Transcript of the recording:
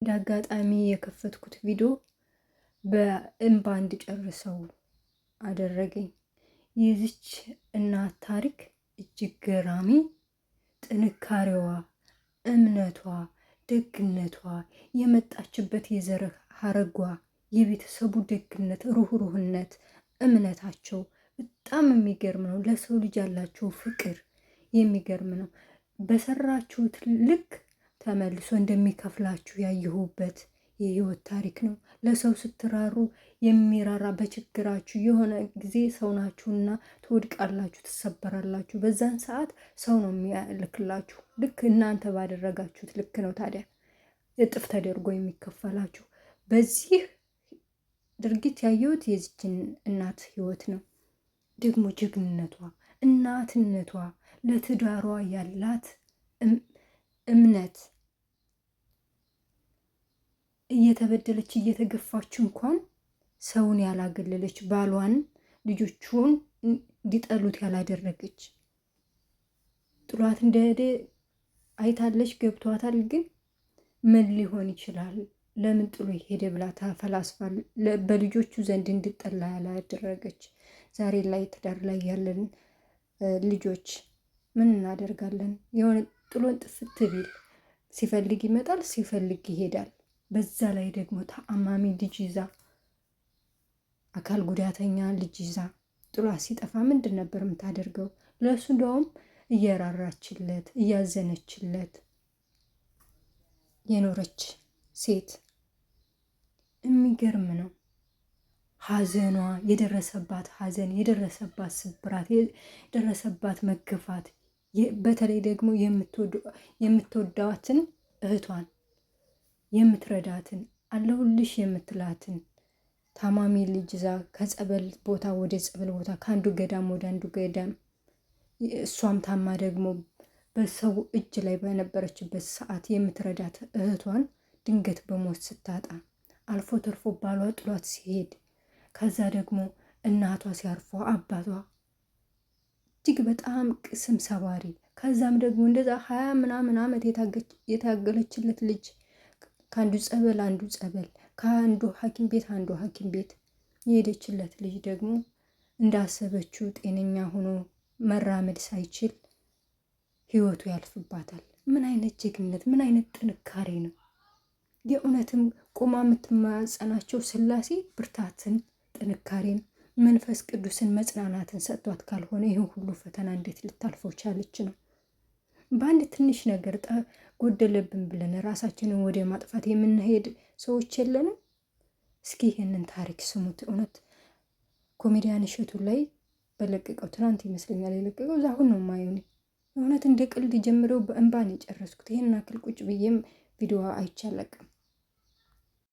እንደ አጋጣሚ የከፈትኩት ቪዲዮ በእንባ እንድጨርሰው አደረገኝ። የዚች እናት ታሪክ እጅግ ገራሚ፣ ጥንካሬዋ፣ እምነቷ፣ ደግነቷ፣ የመጣችበት የዘር ሀረጓ የቤተሰቡ ደግነት፣ ሩህሩህነት፣ እምነታቸው በጣም የሚገርም ነው። ለሰው ልጅ ያላቸው ፍቅር የሚገርም ነው። በሰራችሁት ልክ ተመልሶ እንደሚከፍላችሁ ያየሁበት የህይወት ታሪክ ነው። ለሰው ስትራሩ የሚራራ በችግራችሁ የሆነ ጊዜ ሰው ናችሁና ትወድቃላችሁ፣ ትሰበራላችሁ። በዛን ሰዓት ሰው ነው የሚያልክላችሁ። ልክ እናንተ ባደረጋችሁት ልክ ነው ታዲያ እጥፍ ተደርጎ የሚከፈላችሁ። በዚህ ድርጊት ያየሁት የዚችን እናት ህይወት ነው። ደግሞ ጀግንነቷ፣ እናትነቷ፣ ለትዳሯ ያላት እምነት እየተበደለች እየተገፋች እንኳን ሰውን ያላገለለች ባሏን ልጆቹን እንዲጠሉት ያላደረገች ጥሏት እንደሄደ አይታለች፣ ገብቷታል። ግን ምን ሊሆን ይችላል? ለምን ጥሎ ሄደ ብላ ተፈላስፋል። በልጆቹ ዘንድ እንድጠላ ያላደረገች። ዛሬ ላይ ትዳር ላይ ያለን ልጆች ምን እናደርጋለን? የሆነ ጥሎን ጥፍት ቢል ሲፈልግ ይመጣል፣ ሲፈልግ ይሄዳል። በዛ ላይ ደግሞ ተአማሚ ልጅ ይዛ አካል ጉዳተኛ ልጅ ይዛ ጥሏ ሲጠፋ ምንድን ነበር የምታደርገው? ለእሱ እንደውም እየራራችለት እያዘነችለት የኖረች ሴት የሚገርም ነው። ሐዘኗ የደረሰባት ሐዘን የደረሰባት ስብራት የደረሰባት መገፋት፣ በተለይ ደግሞ የምትወዳዋትን እህቷን የምትረዳትን አለሁልሽ የምትላትን ታማሚ ልጅ ዛ ከጸበል ቦታ ወደ ጸበል ቦታ ከአንዱ ገዳም ወደ አንዱ ገዳም እሷም ታማ ደግሞ በሰው እጅ ላይ በነበረችበት ሰዓት የምትረዳት እህቷን ድንገት በሞት ስታጣ አልፎ ተርፎ ባሏ ጥሏት ሲሄድ ከዛ ደግሞ እናቷ ሲያርፏ አባቷ እጅግ በጣም ቅስም ሰባሪ ከዛም ደግሞ እንደዛ ሀያ ምናምን ዓመት የታገለችለት ልጅ ከአንዱ ጸበል አንዱ ጸበል፣ ከአንዱ ሐኪም ቤት አንዱ ሐኪም ቤት የሄደችለት ልጅ ደግሞ እንዳሰበችው ጤነኛ ሆኖ መራመድ ሳይችል ህይወቱ ያልፍባታል። ምን አይነት ጀግነት! ምን አይነት ጥንካሬ ነው! የእውነትም ቆማ የምትማጸናቸው ስላሴ ብርታትን፣ ጥንካሬን፣ መንፈስ ቅዱስን፣ መጽናናትን ሰጥቷት ካልሆነ ይህን ሁሉ ፈተና እንዴት ልታልፈው ቻለች ነው። በአንድ ትንሽ ነገር ጎደለብን ብለን ራሳችንን ወደ ማጥፋት የምንሄድ ሰዎች የለንም። እስኪ ይህንን ታሪክ ስሙት። እውነት ኮሜዲያን እሸቱ ላይ በለቀቀው ትናንት ይመስለኛል የለቀቀው እዛ አሁን ነው ማየሆኔ እውነት እንደ ቅልድ ጀምረው በእንባን የጨረስኩት ይህን አክል ቁጭ ብዬም ቪዲዮ አይቻለቅም።